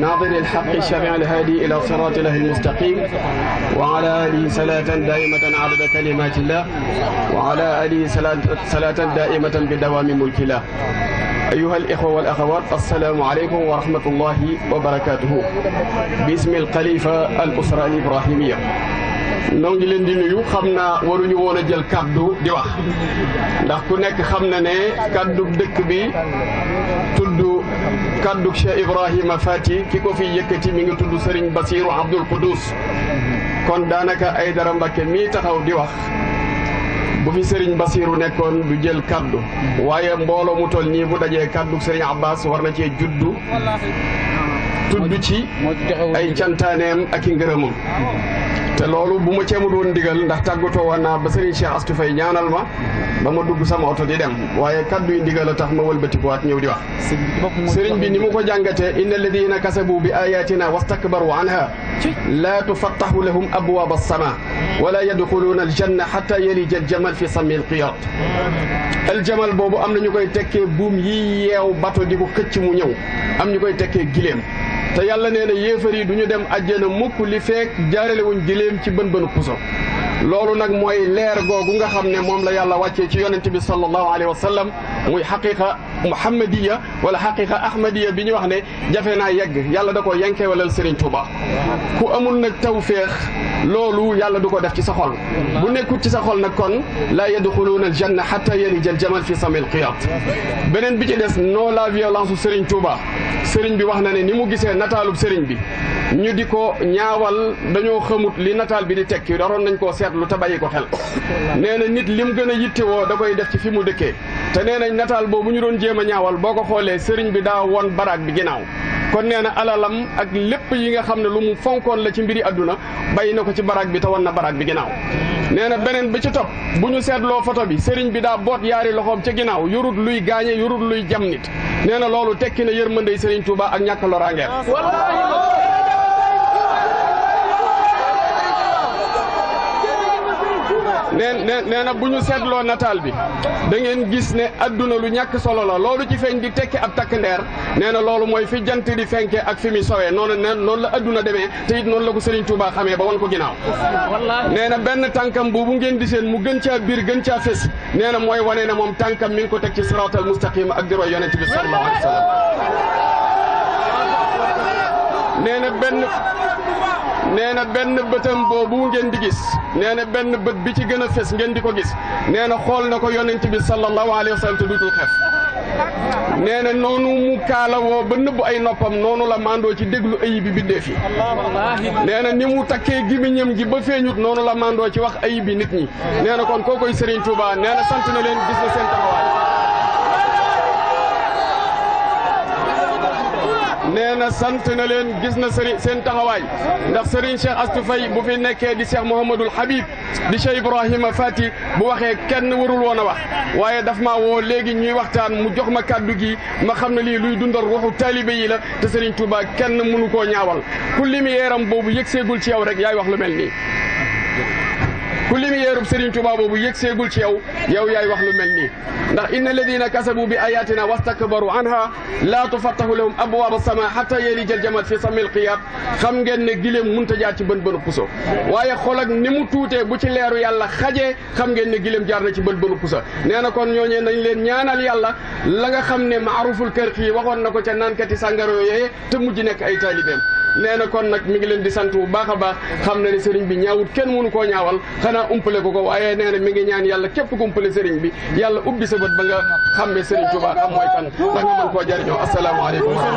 ناظر الحق الشرع الهادي إلى صراط الله المستقيم وعلى آله صلاة دائمة عدد كلمات الله وعلى آله صلاة دائمة بدوام ملك الله أيها الإخوة والأخوات السلام عليكم ورحمة الله وبركاته باسم الخليفة الأسرة الإبراهيمية noo ngi leen di nuyu xam naa waruñu woon a jël kaddu di wax ndax ku kàddug Cheikh Ibrahima Fati ki ko fi yëkkati mi ngi tudd Serigne Basiru Abdul Quddus kon daanaka ay dara mbakke mii taxaw di wax bu fi Serigne Basiru nekkoon du jël kaddu waaye mbooloo mu toll nii mu dajee kaddu Serigne Abbas war na cee juddu tudd ci ay cantaaneem ak i ngërëmam te loolu bu ma ceemut woon ndigal ndax tàggatoo woon naa ba Serigne Cheikh Astou ñaanal ma ba ma dugg sama oto di dem waaye kaddu yu ndigal a tax ma wëlbatikuwaat ñëw di wax sëriñ bi ni mu ko jàngate inna alladina kasabu bi ayatina wastakbaru anha laa tufattahu lahum abwaaba alsama wala yadxuluuna aljanna xata yalija aljamal fi sami alxiyat jamal boobu am na ñu koy tekkee buum yi yeew bato di ko këcc mu ñëw am ñu koy tekkee gileem te yàlla nee na yéefar yi du ñu dem àjjana mukk li feek jaarelewuñ giléem ci bën bënu puso loolu nag mooy leer googu nga xam ne moom la yàlla wàccee ci yonent bi sallallahu alayhi wa sallam muy xaqiqa muhammadiya wala haqiqa ahmadiya biñu wax ne jafe naa yegg yàlla dako yanké yankee walal Serigne Touba ku amul nak tawfiq lolu yàlla duko def ci sa xol bu nekkut ci sa xol nak kon la yadkhuluna aljanna hatta yalijal jamal fi samil qiyat benen bi ci dess no la violence Serigne Touba Serigne bi wax na ne ni mu gisee nataalub Serigne bi ñu di ko ñaawal dañoo xamut li nataal bi di tekki daroon nañ ko seetlu te bàyyi ko xel nee na li mu gën a yittewoo da koy def ci fi mu dëkkee te nee nañ nataal boobu ñu doon jéem a ñaawal boo ko xoolee sëriñ bi daa woon baraag bi ginnaaw kon nee na alalam ak lépp yi nga xam ne lu mu fonkoon la ci mbiri àdduna bàyyi na ko ci baraag bi te woon na baraag bi ginnaaw nee na beneen bi ci topp bu ñu seetloo photo bi sëriñ bi daa boot yaari loxoom ca ginnaaw yorut luy gaañe yorut luy jam nee na loolu tekki na yërmandey sëriñ Tuuba ak ñàkk nee bu ñu seetloo nataal bi da ngeen gis ne adduna lu ñàkk solo la loolu ci feeñ di tekki ab takk ndeer nee na loolu mooy fi jant di fenke ak fi muy sowee noonu ne noonu la adduna demee te it noonu la ko Serigne Touba xamee ba won ko ginnaaw. nee benn tànkam boobu ngeen di seen mu gën caa biir gën caa fés nee mooy wane ne moom tànkam mi ko teg ci siraatal mustaqim ak di roy yonent bi sallallahu alayhi wa sallam benn. nee na benn bëtam boobu ngeen di gis nee na benn bët bi ci gën a fes ngeen di ko gis nee na xool na ko yonent bi sallallahu alayhi wa sallam te duutul xef nee na noonu mu kaalawoo ba nëbb ay noppam noonu la mandoo ci déglu ayib bi bindee fi nee na ni mu takkee gimiñam gi ba feeñut noonu la mandoo ci wax ayib bi nit ñi nee na kon koo koy Serigne Touba nee sant na leen gis na seen taxawaay na sant na leen gis na sëriñ seen taxawaay ndax sëriñ Cheikh Astou Faye bu fi nekkee di Cheikh Mouhamadul Habib di Cheikh Ibrahima Fati bu waxee kenn warul woon a wax waaye dafa ma woo léegi ñuy waxtaan mu jox ma kàddu gi ma xam na lii luy dundal ruuxu taalibe yi la te sëriñ Touba kenn mënu koo ñaawal ku limi yeeram boobu yëg seegul ci yow rek yaay wax lu mel nii كلمة يا رب سرين توبابو بو يكسي قلت يو يو ياي وحلو ملني نخ إن الذين كسبوا بآياتنا واستكبروا عنها لا تفتح لهم أبواب السماء حتى يلج الجمد في سم القياب خم جن جلم منتجا بن كوسو ويا خلق نمو توتة بتشل يا رب الله خجة خم جن جلم بن كوسو نانا كون يوني نيلين نيانا لي الله لغا خم نم عروف الكرخي وقون نكو تنان كتي سانغرو يه أي تالي nee na kon nag mi ngi leen di sant bu baax a baax xam na ne sëriñ bi ñaawut kenn mënu koo ñaawal xanaa umpale ko ko waaye nee na mi ngi ñaan yàlla képp ku umpale sëriñ bi yàlla ubbi sa bët ba nga xam ne sëriñ Tuubaa xam mooy kan ndax nga mën koo jariñoo asalaamaaleykum